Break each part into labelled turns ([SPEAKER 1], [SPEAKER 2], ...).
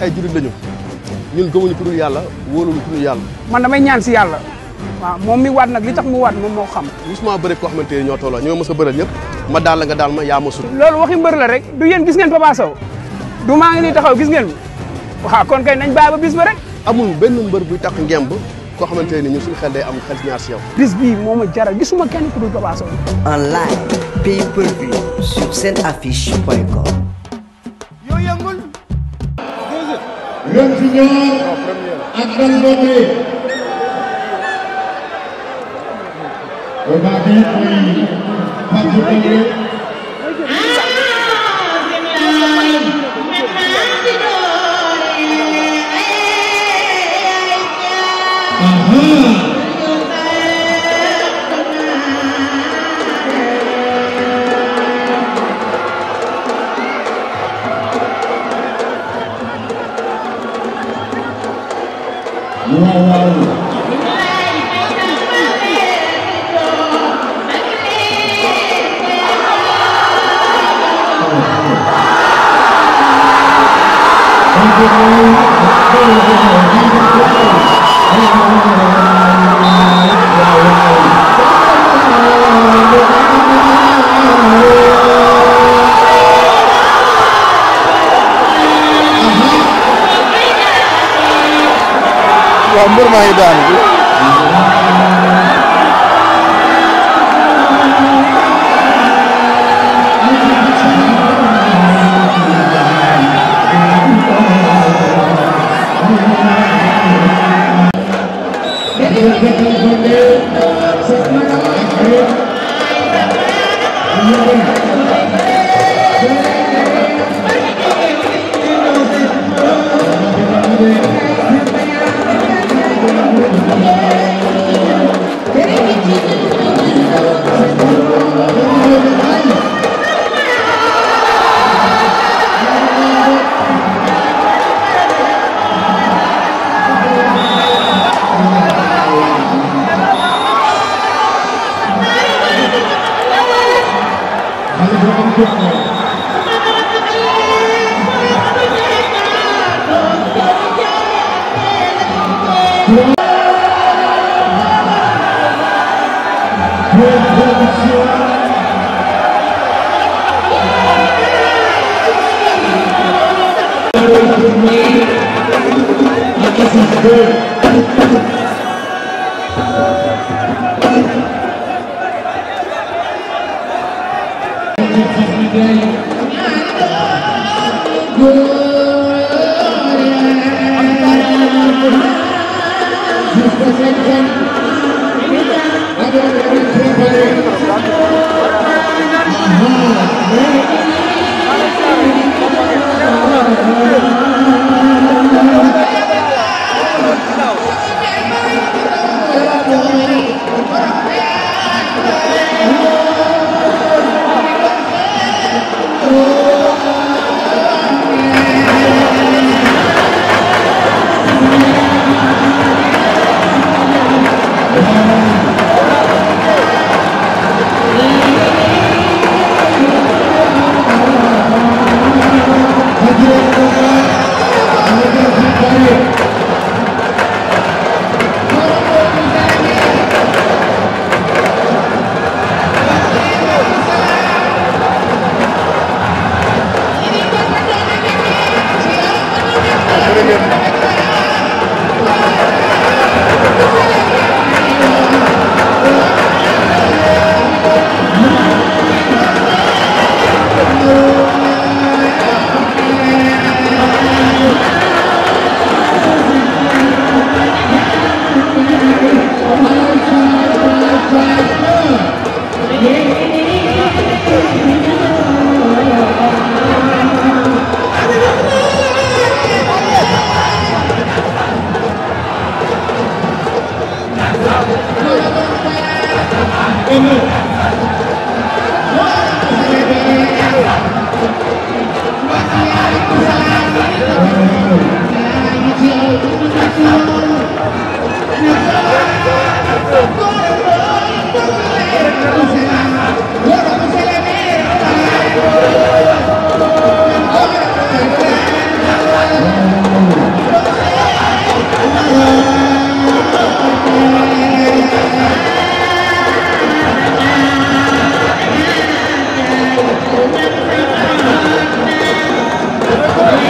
[SPEAKER 1] ay jullit lañu ñun gëmuñu ku dul yàlla wóoluñu ku dul yàlla. man damay ñaan si yàlla. waaw moom mi waat nag li tax mu waat moom moo xam. suma bëri koo xamante ne ñoo tolloo ñoo mës a bëral ñëpp ma daal la nga daal ma yaa ma sut. loolu waxi mbër la rek du yéen gis ngeen Papa Sow du maa ngi nii gis ngeen waaw kon nañ bàyyi ba bis ba amul benn mbër buy tax ngemb koo xamante ne ñun suñu xel day am xel ñaar si yow. bis bii moo ma jaral gisuma kenn ku dul Papa Sow. en live pay seen affiche point com.
[SPEAKER 2] Lom Junior ak Dal Ndongo combat bi mooy Pape Ndongo Thank you. Thank you.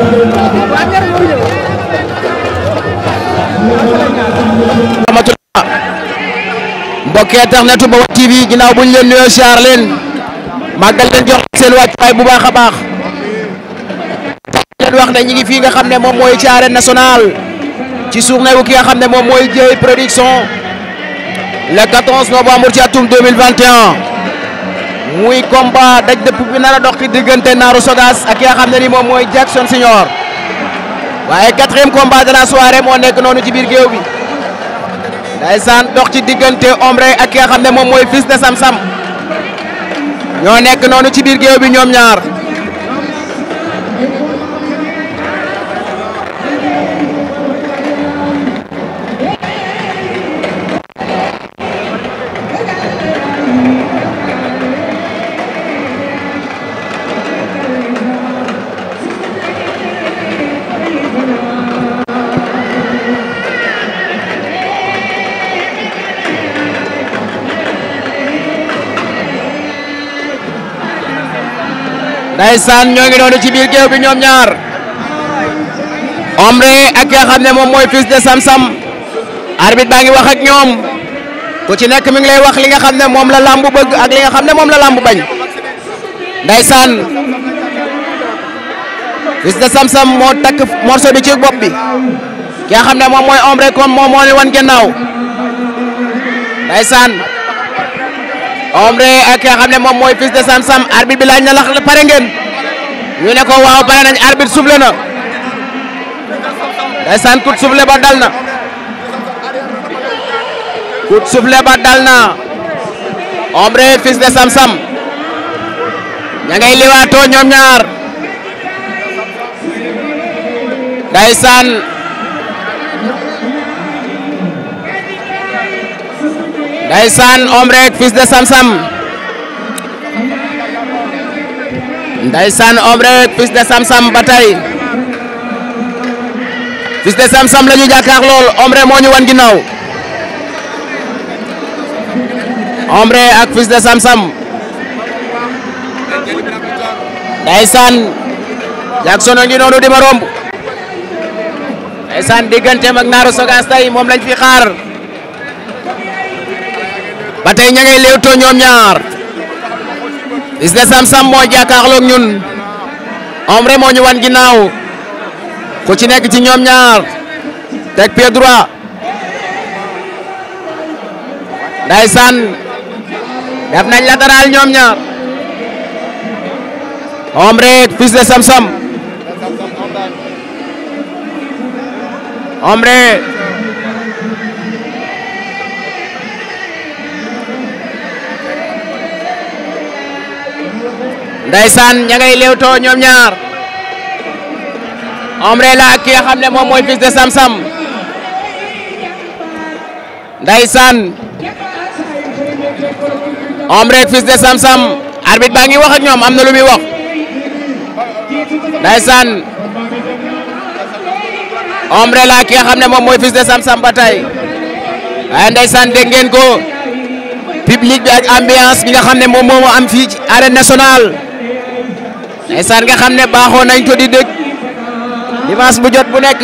[SPEAKER 1] rahmatullah mbokk internetu Baol TV ginnaaw bu ñu leen nuyoo siyaar leen màggal leen jox seen wàccuwaay bu baax a baax leen wax ne ngi fii nga xam ne moom mooy ci arène nationale ci journée ne ki nga xam ne moom mooy Dieye Production le 14 novembre ci atum 2021 muy combat daj dëpp bi nar a dox ci diggante naaru Sogas ak ki xam ne ni moom mooy Jackson Senior waaye quatrième combat de la soirée moo nekk noonu ci biir géew bi ndaysaan dox ci diggante Ombre ak ki nga xam ne moom mooy fils de Sam Sam ñoo nekk noonu ci biir géew bi ñoom ñaar. ndaysaan ñoo ngi noonu ci biir géew bi ñoom ñaar Omre ak ki ne moom mooy fils de Sam Sam arbitre baa ngi wax ak ñoom ku ci nekk mi ngi lay wax li nga xam ne moom la làmb bëgg ak li nga xam ne moom la làmb bañ ndaysaan
[SPEAKER 2] fils de Sam Sam moo takk morceau
[SPEAKER 1] bi ci bopp bi ki xam ne moom mooy Omre kon moom moo ni wan gannaaw ndaysaan Omre ak ki ne moom mooy fils de Sam Sam arbitre bi laaj na la pare ngeen ñu ne ko waaw pare nañ arbitre soufflé na ndeysaan coup de soufflé ba dal na coup de soufflé dal na Omre fils de Sam Sam ña liwaatoo ñoom ñaar ndeysaan Ndeysaan Omrek fils de Sam Sam Ndeysaan Omrek fils de Sam Sam ba tey fils de Sam la ñu jàkkaar lool Omrek moo ñu wan ginnaaw Omrek ak fils de Sam Sam Ndeysaan Jackson a ngi noonu di ma romb Ndeysaan digganteem ak Naaru Sogas tey moom lañ fi xaar ba tey ña ngay léewtoo ñoom ñaar Fils de Sam Sam moo jàkkaarloog ñun Ombre moo ñu wan ginnaaw ku ci nekk ci ñoom ñaar teg pied droit ndeysaan def nañ latéral ñoom ñaar Ombre Fils de Sam Ombre Ndeysaan ña ngay léewtoo ñoom ñaar Ombrella ak ki nga xam ne moom mooy fils de Sam Sam Ndeysaan
[SPEAKER 2] Ombrella ak fils de Sam Sam
[SPEAKER 1] arbitre baa ngi wax ak ñoom am na lu muy wax Ndeysaan Ombrella ak ki nga xam ne moom mooy fils de Sam Sam ba tey waaye Ndeysaan dégg ngeen ko public bi ak ambiance bi nga xam ne moom moo am fii ci arène ndeysaan nga xam ne baaxoo nañ ko di dégg dimanche bu jot bu nekk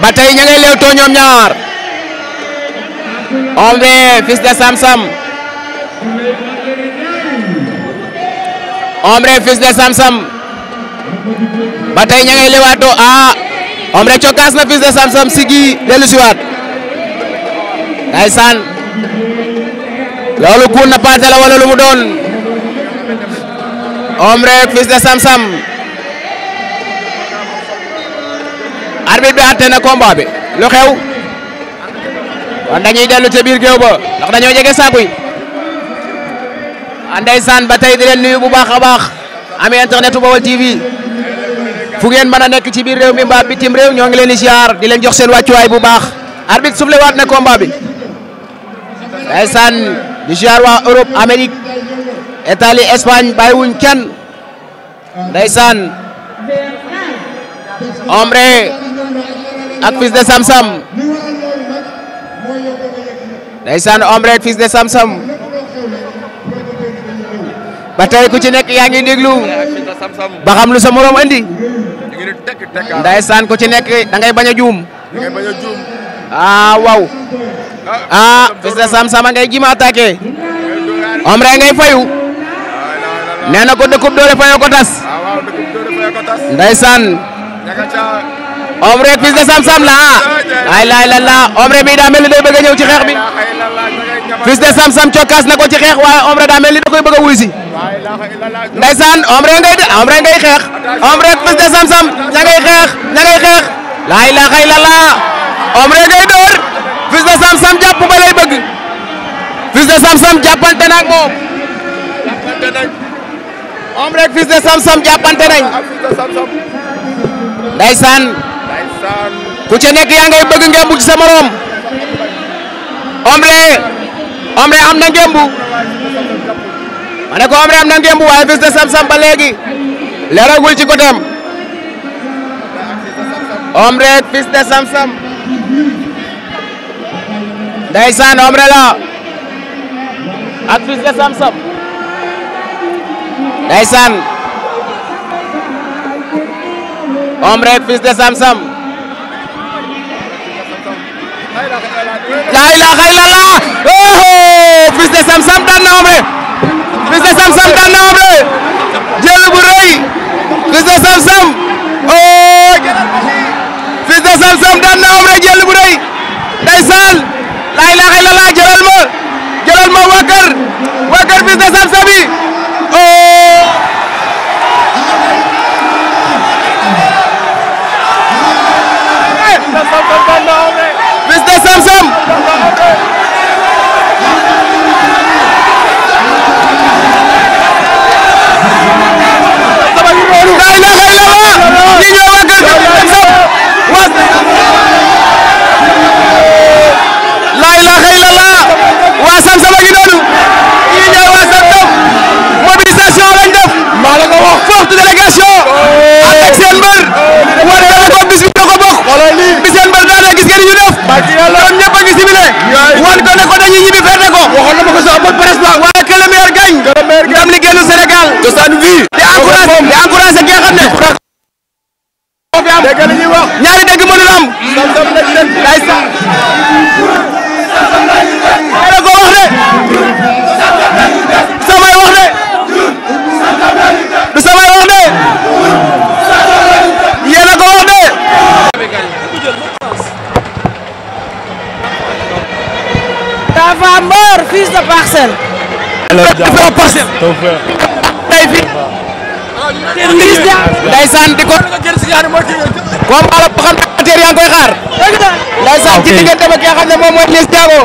[SPEAKER 1] ba tey ña ngay leewtoo ñoom ñaar Ombre fils de Sam Sam Ombre fils de Sam Sam ba tey ña Ombre cokkaas na fils de Sam sigi dellu siwaat ndeysaan loolu kuun na paase wala lu mu doon Om Reug fils de Sam Sam arbitre bi na combat bi lu xew kon dellu ca biir géew ba ndax dañoo jege saako yi ndeysaan ba tey di leen nuyu bu baax a baax amee internet Baol TV fu ngeen mën a nekk ci biir réew mi mbaa bitim réew ñoo ngi leen di ziar di leen jox seen wàccuwaay bu baax arbitre soufflé waat na combat bi ndeysaan di ziar waa Europe Amérique Italie Espagne bàyyiwuñ kenn ndeysaan Ombre
[SPEAKER 2] ak fils de Samsam
[SPEAKER 1] ndeysaan Ombre ak fils de Samsam ba tey ku ci nekk yaa ngi déglu ba lu sa morom andi ndeysaan ku ci nekk da ngay bañ a juum ah waaw ah fils Samsam a ngay jima attaqué Ombre ngay fayu nee na ko dëkkub doole fayoo ko tas. Ah, waaw dëkkub doole fayoo de Sam Sam la ah. ay laay la bi daa mel ni day bëgg a ñëw ci xeex bi. fils de Sam Sam cokkaas na ko ci xeex waaye omre daa mel ni da koy bëgg a wuy si. ndeysaan ngay xeex. omre ak de Sam Sam ña xeex ña xeex. laay la xay la ngay door. fils de Sam Sam jàpp ba bëgg. fils de Sam Sam jàppante na ak moom. Ombre ak fils de Sam Sam jàppante nañ. ndeysaan. ku ci nekk yaa ngay bëgg ngembu ci morom. Ombre.
[SPEAKER 2] Ombre am na ngembu.
[SPEAKER 1] ma ne ko Ombre am na ngembu waaye fils de ba léegi. leeragul ci côté am. Ombre ak fils de Sam Ombre la. ak fils de ndeysaan om rek de Sam Sam
[SPEAKER 2] laa ilaaha illallah
[SPEAKER 1] de Sam Sam daan na de Sam Sam daan na om rek jël de Sam Sam oh de Sam Sam daan na om rek jël bu rëy ndeysaan laa ilaaha illallah jëlal de Sam Sam Fils de Sam Sam
[SPEAKER 2] la ilaha illallah ni ñoo wàggal Sam
[SPEAKER 1] Sam wan ko ne ko dañuy ñibbi fete ko. waxoon na ma ko a bonne presse la. waaye que le meilleur gagne. que le meilleur gagne ndam li génn Sénégal. cosaan bii. di encouragé di encouragé ki nga xam ne. parcelle. dafa parcelle. tey fii. ndeysaan di ko. comme ala boo xam ne yaa ngi koy xaar. ndeysaan ci ba ki nga xam moom mooy Liss Ndiago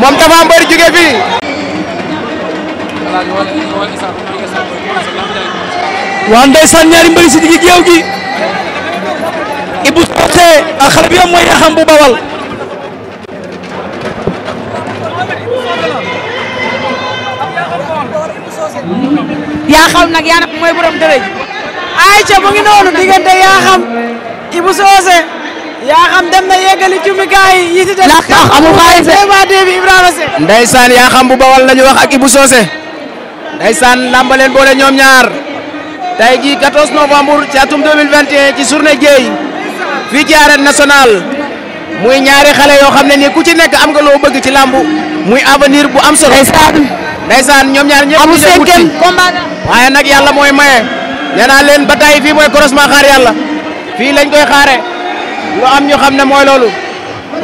[SPEAKER 1] moom Tapha Mbeur jóge fii. waa ndeysaan ñaari mbëri si digg gi. Ibou Socé ak xale bi mooy yaa xam yaa xam nag yaa nag mooy borom dërëj Aïcha mu ngi noonu diggante yaa xam Ibou Socé yaa xam dem na yeggali cumikaay yi yi si dem. ndax amul xaalis de Ibrahima Déby Ibrahima Seck. Ndeysaan yaa bu bawal la ñu ak Ibou Socé Ndeysaan lamba leen boole ñoom ñaar tey jii 14 novembre ci atum 2021 ci journée Dieye fii ci arène nationale muy ñaari xale yoo xam ne nii ku ci nekk am nga loo bëgg ci lambu muy avenir bu am solo. Ndeysaan Ndeysaan ñoom ñaar ñëpp ñu ngi waaye nag yàlla mooy maye nee leen ba tey fii mooy croisement xaar yàlla fii lañ koy xaare lu am ñu xam ne mooy loolu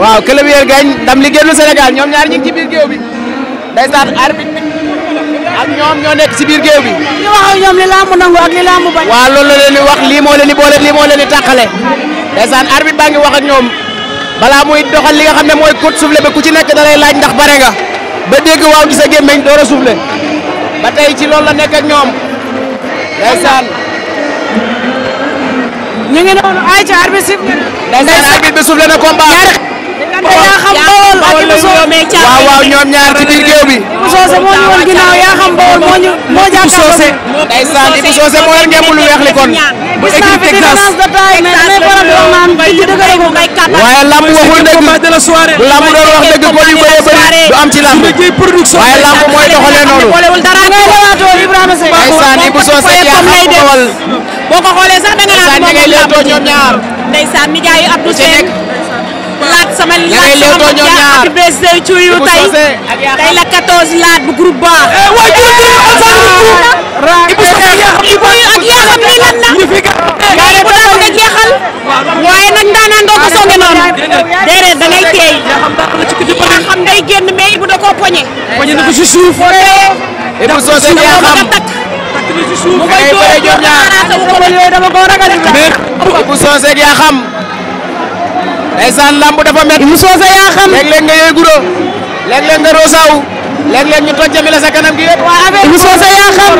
[SPEAKER 1] waaw club yéen gañ ndam li génn Sénégal ñoom ñaar ñi ngi ci biir géew bi ndeysaan arbitre ak ñoom ñoo nekk ci biir géew bi. ñu wax ak ñoom li li làmb bañ. waaw loolu la leen wax lii moo leen di boole lii moo leen di tàqale ndeysaan arbitre baa ngi wax ak ñoom balaa muy doxal li nga xam ne mooy code soufflé ba ku ci nekk da lay laaj ndax bare nga ba dégg waaw ci sa gémmeñ door a soufflé ba ci lool la nekk ak ñoom ndeysaan ñu ngi noonu ay ci arbitre bi suuf la na combat yaa xam bawol ak Ibou Sow waaw waaw ñoom ñaar ci biir géew bi Ibou moo ñu woon ginnaaw yaa bawol moo ñu moo jàkkaarloo moo leen ngeen lu weex li kon bu équipe Texas waaye lamb waxul dëgg lamb doon wax dëgg am ci lamb waaye lamb mooy doxalee noonu ndeysaan yi bu soo seet yaa xam ko wal boo ko xoolee sax da nga naan moom ngay leetoo ñoom ñaar ndeysaan mi jaayu Abdou Sène laat sama laat sama jaar ak bés day cuyu tey tey la 14 laat bu groupe ba eh, waay jël ah, ak yeexam li lan la waaye bu daan nga jeexal waaye nag daanaan doo ko songe noonu déedéet da ngay teey nga xam day génn mais Ibou da koo poñe. poñe na ko si suuf. Ibou Socé yaa xam mu koy dóor dama ko ragal Ibou lamb dafa métti. Ibou Socé yaa xam. léeg nga yëy guro. nga rosaw. léeg-léeg ñu tojjami la sa kanam gi yëpp. Ibou Socé yaa xam.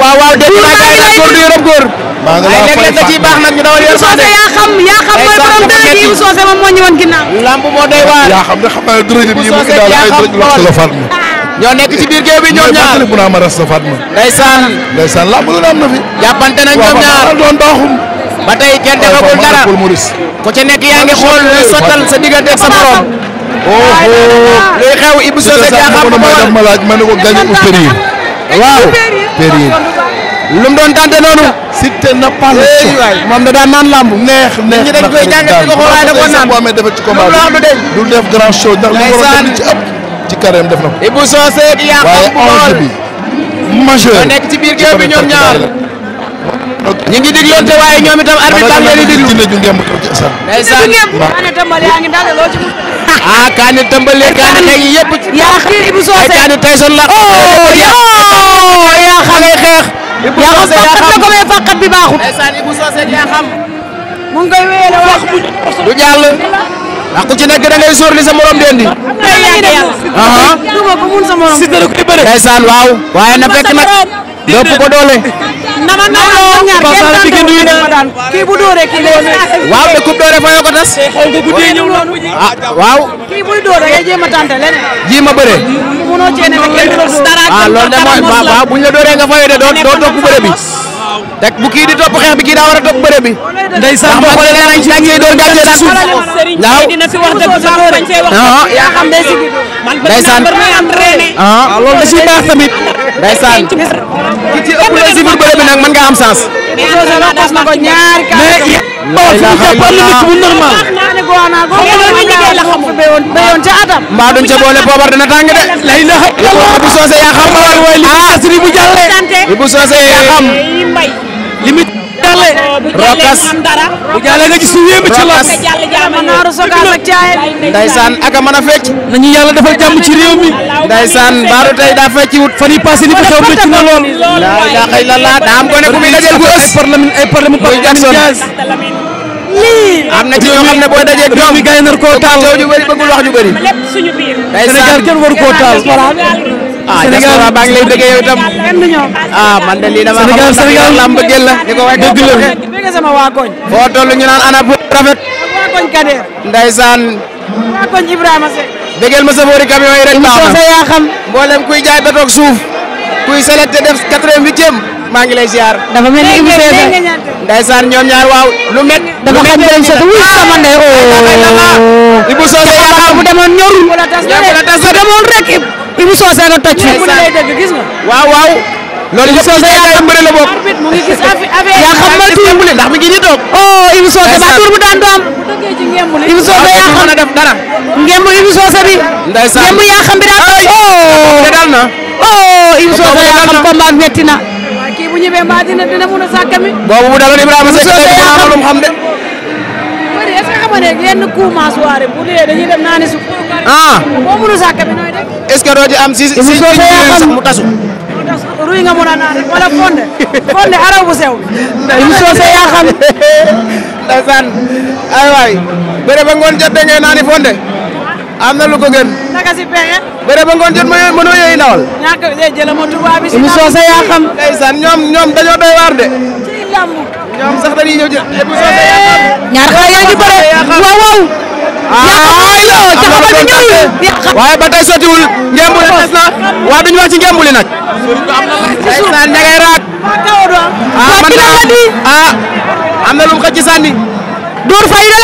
[SPEAKER 1] waaw waaw dégg naa gars yi naan du yorob góor. maa ngi laa fay da ciy baax nag ñu dawal yor soose yaa xam yaa xam mooy borom dara ji yu soose moom moo ñëwoon ginnaaw. lamb moo doy waar yaa xam ne xam naa dërëj bi mu ngi daal ay dërëj wax ñoo nekk ci biir géew bi ñoom ñaar mooy Fatou ma ras la Fatma. ndeysaan. ndeysaan lamb lu am na fi. jàppante nañ ñoom ñaar waaw doon doxum. ba tey kenn defagul dara ku ci nekk yaa ngi xool sottal sa diggante sa borom. luy xew Ibou Sose jaaxal ko woon. waaw périr lu mu doon tànte noonu. Siteu na pal. moom da daan naan lamb. neex neex na koy jàngat ko waaye da ko naan boo amee dafa ci combat bi du def grand show ndax li mu ci ëpp. ci carréem def na ko. Ibou Socé waaye enjeu bi. majeur ba nekk ci biir géew bi ñoom ñaar. ñu ngi diglante waaye ñoom itam arbitre tam diglu. ah Kaane tëmbalee Kaane xeex yaa xam Ibou Socé ay oh, oh, yaa xale xeex. yaa ko fàqat ko mais bi baaxul. ndeysaan Ibou Socé yaa xam. mu du jàll. ndax ku ci nekk da li sa morom di indi. day waaw. waaye na fekk nag. lépp ko doole. nama naa ñaar kenn daan doon kii bu dóoree kii day. waaw de coupe bëre fa yoo ko tas. tey xaw nga guddee da ngay jéem a tànte leneen. ji ma bëre. munoo cee ne kenn du dara. ah loolu de mooy waaw buñ la dooree nga fayoo de doo doo topp bëre bi. te bu kii di topp xeex bi kii daa war a topp bëre bi. ndeysaan boo xoolee nee nañ ci dañuy door gàcce ci suuf. waaw dina fi wax dëgg sa ah. yaa xam day sigi. ndeysaan ah. ah loolu da ciy baax tamit. ndeysaan ki nga am sens. mais na ko ñaari kàddu. mais yéen a xam ne normal. mbaa duñ ca boole poobar dana tàng de. lay na xam bu soose yaa xam. waaw waaye li bu soose yaa xam. limite. jàlle rokas bu jàlle nga gis ñu yéeme ci lamb ndeysaan ak a mën a fecc nañu yàlla defal jàmm ci réew mi ndeysaan baaru tey daa fecci wut fan yi passé ni ko xew métti na lool la ilaha illallah daa gone ku muy gu ës parlement ay parlement Boy Jackson lii am na ci ñoo xam ne boo dajee doom yi gay nar koo taal kenn waru ah diaspora baa ngi lay bëggee yow itam ah man de lii dama Sénégal Sénégal la am bëggeel la ni ko waay dëgg la bëgg sama waa koñ rafet waa koñ Kader ndeysaan waa koñ ma safoori camion yi rek baax na yaa xam mboolem kuy jaay betoog suuf kuy selecté def quatre-vingt-huitième maa ngi lay ziar dafa mel ni émission bi ndeysaan ñoom ñaar waaw lu met dafa xam borom sa wuy sama ndey o Ibou Sosé yaa xam bu demoon ñorul wala demoon rek Ibou Socé nga toj fii. mu ne lay dëgg gis nga. waaw waaw. loolu yëpp ci jàngat mbëre la bokk. Oh, bu daan doom. Ibou Socé yaa na def dara. ngemb Ibou Socé bi. ndeysaan ngemb yaa xam bi daa toj. oh te dal na. oh Ibou Socé yaa xam oh, combat metti na. kii bu a ma ne yenn coups soirée bu dee dañuy dem naani su. ah boo mënul sàkk bi nooy def. est-ce que doo ci am si si si sax mu tasu. ruy nga mën a naan wala fonde fonde araw bu sew. yu soosee yaa xam. ndeysaan ay waay bëre ba ngoon jot da ngay naani fonde am na lu ko gën. naka si pexe. bëre ba ngoon jot ma mënoo yooyu ndawal. ñàkk a jëlee ma tubaab bi si. yu soosee yaa xam. ndeysaan ñoom ñoom dañoo doy waar de. ci lamb ñoom sax dañuy ñëw jël ñaar xale yaa ngi bëre waaw waaw ah, ah, ah, waaye ba tey sotiwul ngemb li des na waaye duñu wax ci ngemb li nag ndeysaan ña ngay raak ah man ah am na lu mu xëcc sànni door fay da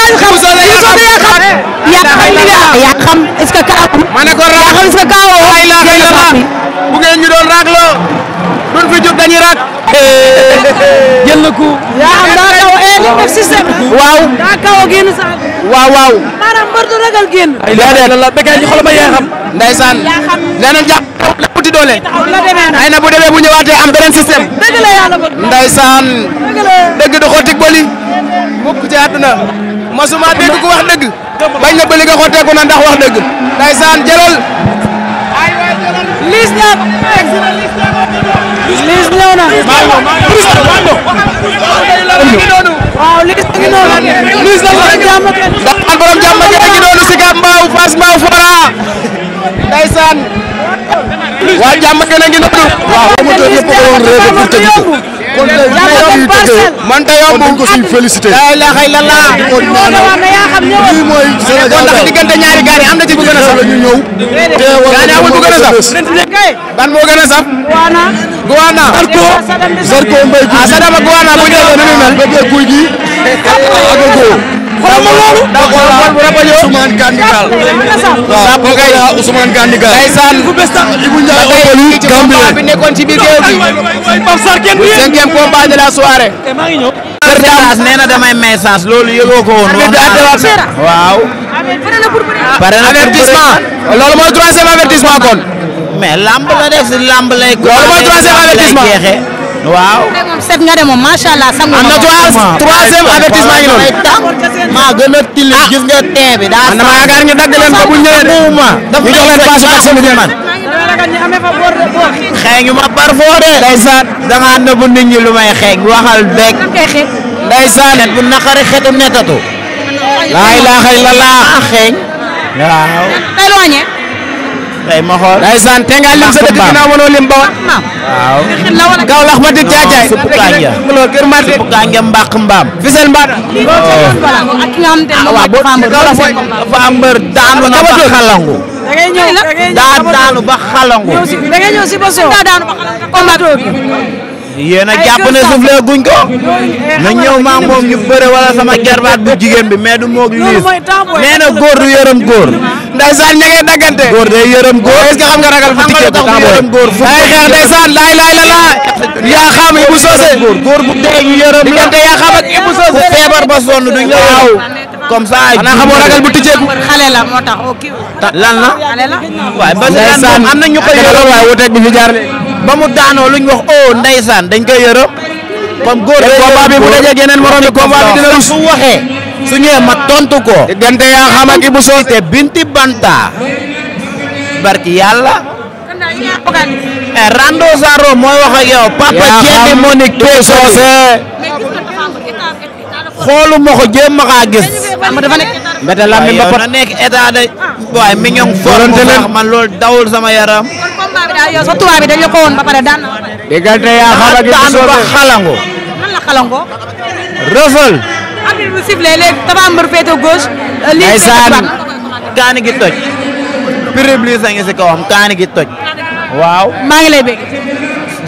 [SPEAKER 1] duñ fi jot dañuy raak. Eh, jël na ko. yaa xam daa kaw eh li def système. waaw daa a génn sax. waaw waaw. maanaam mbër du ragal génn. ay la béykat yi xoolal ma yaa xam. ndeysaan leneen jàpp lépp uti doole. ay na bu demee bu ñëwaatee am beneen système. dëgg la dëgg du xottik boli. mukk ci àdduna. masuma dégg ku wax dëgg. bañ na bëli nga xotteeku na ndax wax dëgg. ndeysaan jëlal. Liss ñëw Liss ñëw na. waaw Liss ngi noonu. Liss la borom jàmm kenn. ndax borom jàmm kenn ngi noonu si gàmm mbaaw Fass mbaaw Fora. ndeysaan. waa jàmm kenn ngi noonu. waaw kon tey man tey yow moom ko suy félicité. la ilaha illallah lii mooy Sénégal ndax diggante ñaari gaar yi am na ci bu gën a saf. ñu ñëw teewal gaar yi a saf. ban moo gën a saf. Guana. Zarko Zarko Mbaye. ah Sadam ak Guana bu ñu demee nu muy mel. Bébé Gouy Gui ak Agogo. xoolal ma loolu. Ousmane Gandigal. waaw kooku ay Ousmane Gandigal. ndeysaan Ibou Ndiaye combat bi nekkoon ci biir géew bi. cinquième combat de la soirée. Perdaas nee na damay may saas loolu yëgoo ko woon. waaw. pare na avertissement. loolu mooy troisième avertissement kon. mais lamb la def si lamb lay. loolu mooy troisième avertissement waaw set nga de moom macha allah. sangu ma gën a tili ah. gis nga tee bi. daa sama yaakaar ñu dagg leen ko bu ñëwee jox leen passe personne bi man. xeeñu ma par foo de. ndeysaan da nga nëbb nit ñi lu may xeeñ waxal beeg. ndeysaan bu naqari xetu netatu. laa ilaaha illallah xeeñ waaw. tey ma xool. ndeysaan te nga lim sa dëkk ginnaaw mënoo lim bawal. Ah, waaw. gaaw lax ba di jaajaay. supp kànja supp kànja mbàq mbaam. Fissel Mbada. Ah, waaw boo dafa am daanu na ba xalangu. da ngay ñëw da ngay daanu ba xalangu. da ngay ñëw si ba soo. daanu ba xalangu. yéen a jàpp ne suuf la guñ ko. Eh, na ñëw maa moom ñu bëre wala sama jarbaat bu bi mais du moog liis nee na góor du yërëm góor. ndeysaan ña ngay daggante. góor day yërëm góor est-ce que xam nga ragal fu tikkee ko yërëm góor fu ay xeex ndeysaan laay laay la xam Ibou la diggante yaa xam ak Ibou Socé bu feebar ba sonn duñ la waaw comme ça ay xanaa xamoo ragal bu tijjeeku xale la moo tax oh, lan la am na ñu koy yërëm waaye wuteeg bi fi jaar ba mu daanoo luñ wax oh ndeysaan dañ koy yërëm. comme góor day combat bi bu dajee yeneen morom yi combat bi su waxee. su ñëwee ma tontu ko. diggante yaa xam ak Ibou Sone Binti Banta. barki yàlla.
[SPEAKER 2] Eh, Rando Saro mooy wax
[SPEAKER 1] ak yow. papa Thierno Monique Thé Socé. xoolu ma ko jéem ma kaa mbete lambi ba nekk état de. Ah. waaye mi ñoŋ fort man loolu dawul sama yaram. combat bi daal yow sa tubaab bi dañ la ko woon ba pare daan na. diggante yaa xam ak yu soobee xalango. nan la xalango. rëfal. arbitre bi sifflé léegi Tapha Mbeur féete gauche. lii ci tubaab kaani gi toj. péréblis a ngi si kawam kaani gi toj. waaw. maa ngi lay bëgg.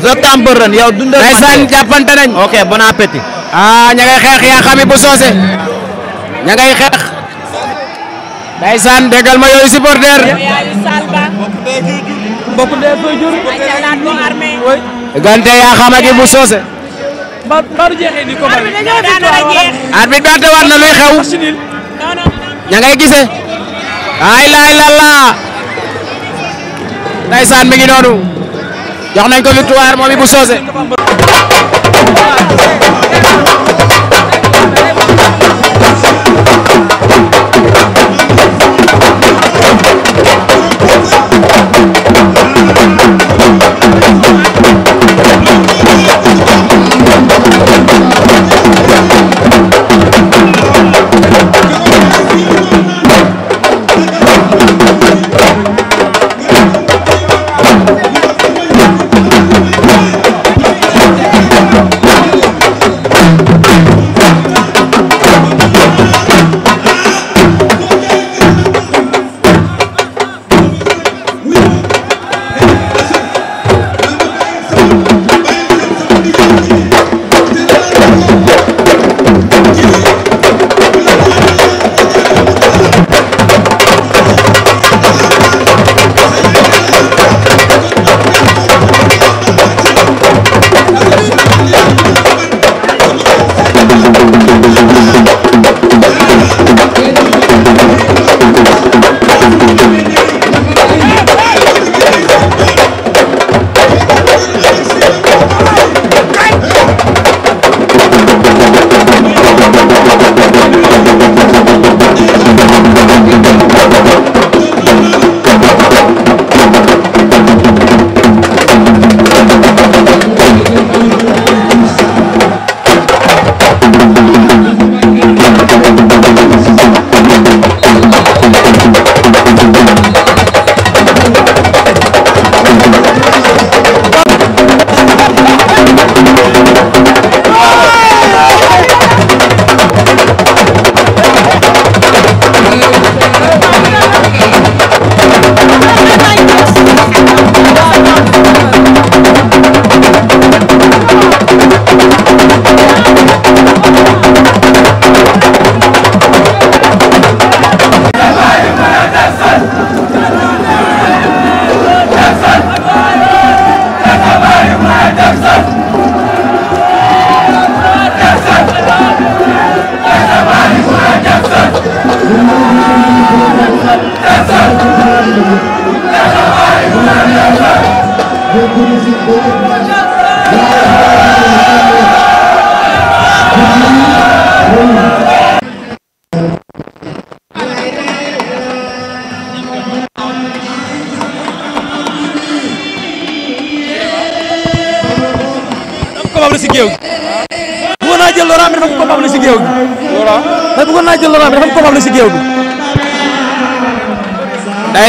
[SPEAKER 1] Zokambaran yow dundal. ndeysaan jàppante nañ. ok bon appétit. ah ña ngay xeex yaa xami bu soose. ña ngay xeex. ndeysaan déggal ma yooyu supporter. mbokk dee koy jur. gante yaa xam ak Ibou Socé. ba bi àttewaat na luy xew. ña ngay ay laay lalla. ndaysaan mi ngi noonu. jox nañ ko victoire moom Ibou Socé.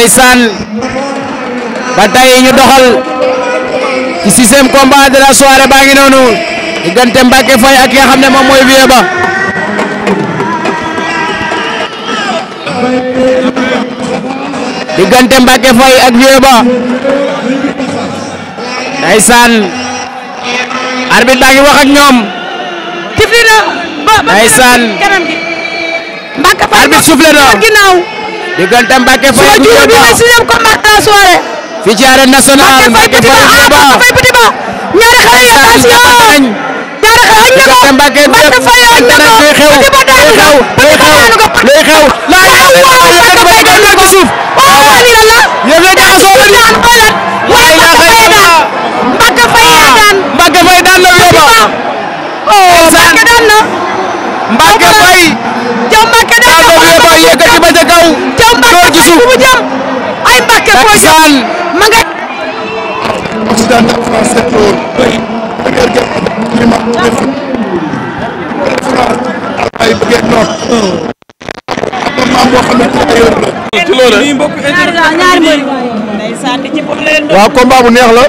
[SPEAKER 1] ndeysaan ba tey ñu doxal ci sixième combat de la soirée baa ngi noonu diggante Mbacke Faye ak ki xam ne moom mooy Vieux Ba diggante Mbacke Faye ak Vieux Ba ndeysaan arbitre baa ngi wax ak ñoom tifli na ndeysaan arbitre soufflé na diggante Mbacke Faye bu Diaba suma sixième combat de la soirée. fii ci arène nationale Mbacke Faye bu Diaba Mbacke Faye bu Diaba ñaari xale yi attention ñaari xale ñu ko la Mbacke Faye daan Mbacke Mbacke Faye. Thiaw Mbacke day doon ba doon yëkkati ba ca kaw. Thiaw Mbacke Faye fu ay Mbacke foo jëm ma nga. Occident France sept jours bëri bëggeer gerte climat def France Allemagne bëggeer waaw combat bu neex la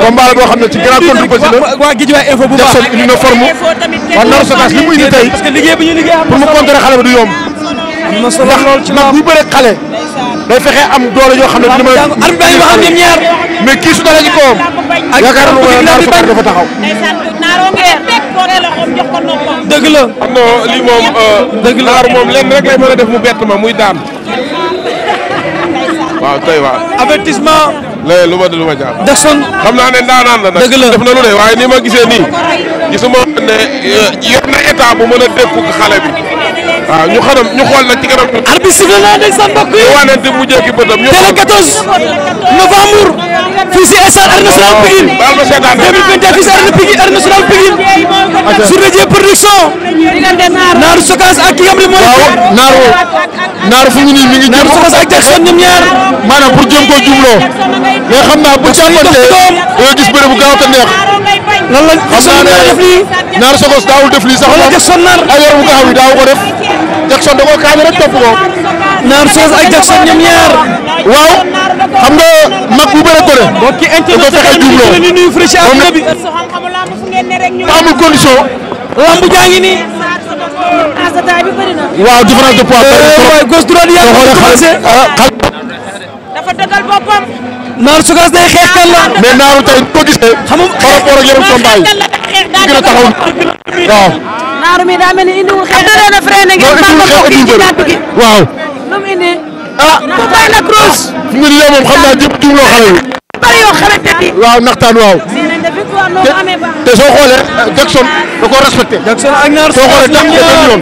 [SPEAKER 1] combat boo xam ne ci grand controverse la waa Guédiawaye info bu indi na forme waaw Narou Sogas li mu indi tey pour mu contrer xale bi du yomb ndax ndax am doole yoo xam ne dina mën a ñaar mais kii su dara ci kawam yaakaar naa Narou Sogas dafa taxaw dëgg la non lii moom dëgg la euh, Narou moom lenn def mu bett ma muy daan waaw tey waaw. avertissement. léegi lu ma lu ma jaaxal. Jackson. xam naa ne ndaanaan la nag. dëgg la def na lu ne waaye ni ma gisee nii. gisuma ne eh, yor na état bu mën a dékku xale bi. waaw ñu xanam ñu xool nag ci kanam. arbitre na ndeysaan mbokk yi. waaw leen di mujjee ki bëtam ñu. télé 14 novembre. fii si stade Arène Nationale Pikine. baal ma seetaan rek 2021 fii si Arène Pikine Arène Nationale Pikine. Naar Sokas ak ki nga xam Naar fu mu nii mi ngi. Naar Sokas ak Jackson ñoom ñaar. maanaam pour jëm koo jumloo. mais xam naa bu càmmante doo gis bëre bu gaaw te neex.
[SPEAKER 2] lan la Jackson nar def lii
[SPEAKER 1] naar Sokos daawul def lii sax moom Jackson nar ay yor bu gaaw daaw ko def Jackson da koo kaame rek topp ko. naar Sokos ak Jackson ñoom ñaar. waaw xam nga mag bu bëre ko de. mbokki internet ak ñu ngi nuyu Fréchi àdduna condition. lambu jaa ngi nii. waaw différence de poids. Eh, waaw gauche droite yàlla Naar Sogas day xeex kan la. mais Naaru a taxaw waaw. Naaru mi daa mel ni xeex. da leen a freiné ngeen bàq ko kii indi.
[SPEAKER 2] ah ku fay la cross.
[SPEAKER 1] waaw naxtaan waaw. te soo xoolee Jackson ko benn yoon.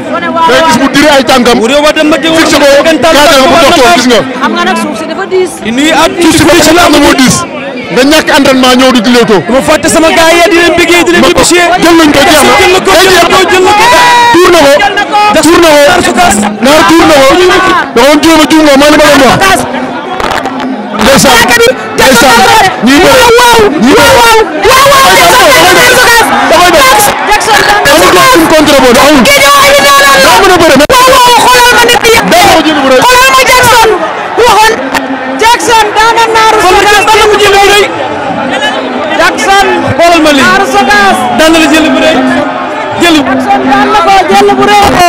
[SPEAKER 1] day gis mu diri ay tànkam. fixé ko gàncax ga mu dox
[SPEAKER 2] di nuyu ab tuuti ko ci lamb moo diis
[SPEAKER 1] nga ñàkk entraînement ñëw di di leetoo dama fàtte sama gaay yi di leen bëggee di leen di bishee jël nañ ko jeex na jël na ko jël na ko tuur na ko tuur na ko naar sukaas naar tuur na ko da woon juuma juuma maa ngi bëgg a wax ndeysaan
[SPEAKER 2] ndeysaan ñuy bëre ñuy bëre waaw waaw waaw Jackson naar sukaas da koy def
[SPEAKER 1] Jackson amul doon contre boo amul daa mën a bëre mais waaw waaw xoolal ma nit ñi xoolal Koli daan na la jël bu rëy jël daan na ko jël bu rëy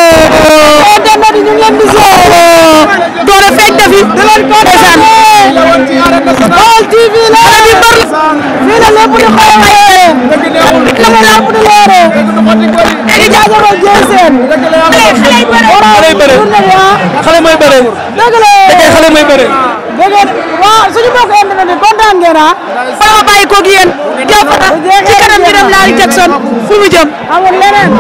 [SPEAKER 1] internet oh, oh. yi ñu ngi leen di ziar oh, doore feeñ na fi ndeysaan Baol TV la ñu bar fii la lépp di xoolee dama lépp di leere di jaajëfal jël seen xale yi bëre xale mooy bëre dëgg la xale mooy bëre dégg ngeen waaw suñu mbokk internet yi kontaan ngeen ah. bàyyi ko ak yéen. ci kanam ñu dem Jackson fu mu jëm.
[SPEAKER 2] amul